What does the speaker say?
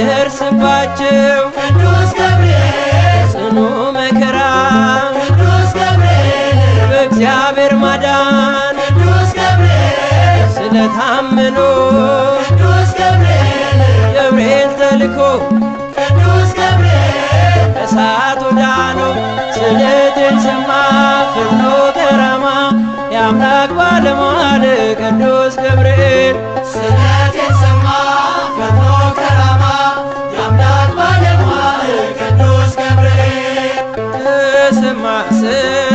ሲደርስባቸው ቅዱስ ገብርኤል ጽኑ መከራ ቅዱስ ገብርኤል በእግዚአብሔር ማዳን ቅዱስ ገብርኤል ስለታመኑ ቅዱስ ገብርኤል ገብርኤል ተልኮ ቅዱስ ገብርኤል ከእሳቱ ዳኑ ስለትን ሰማ ፍኖ ከራማ የአምላክ ባለሟል ቅዱስ ገብርኤል said.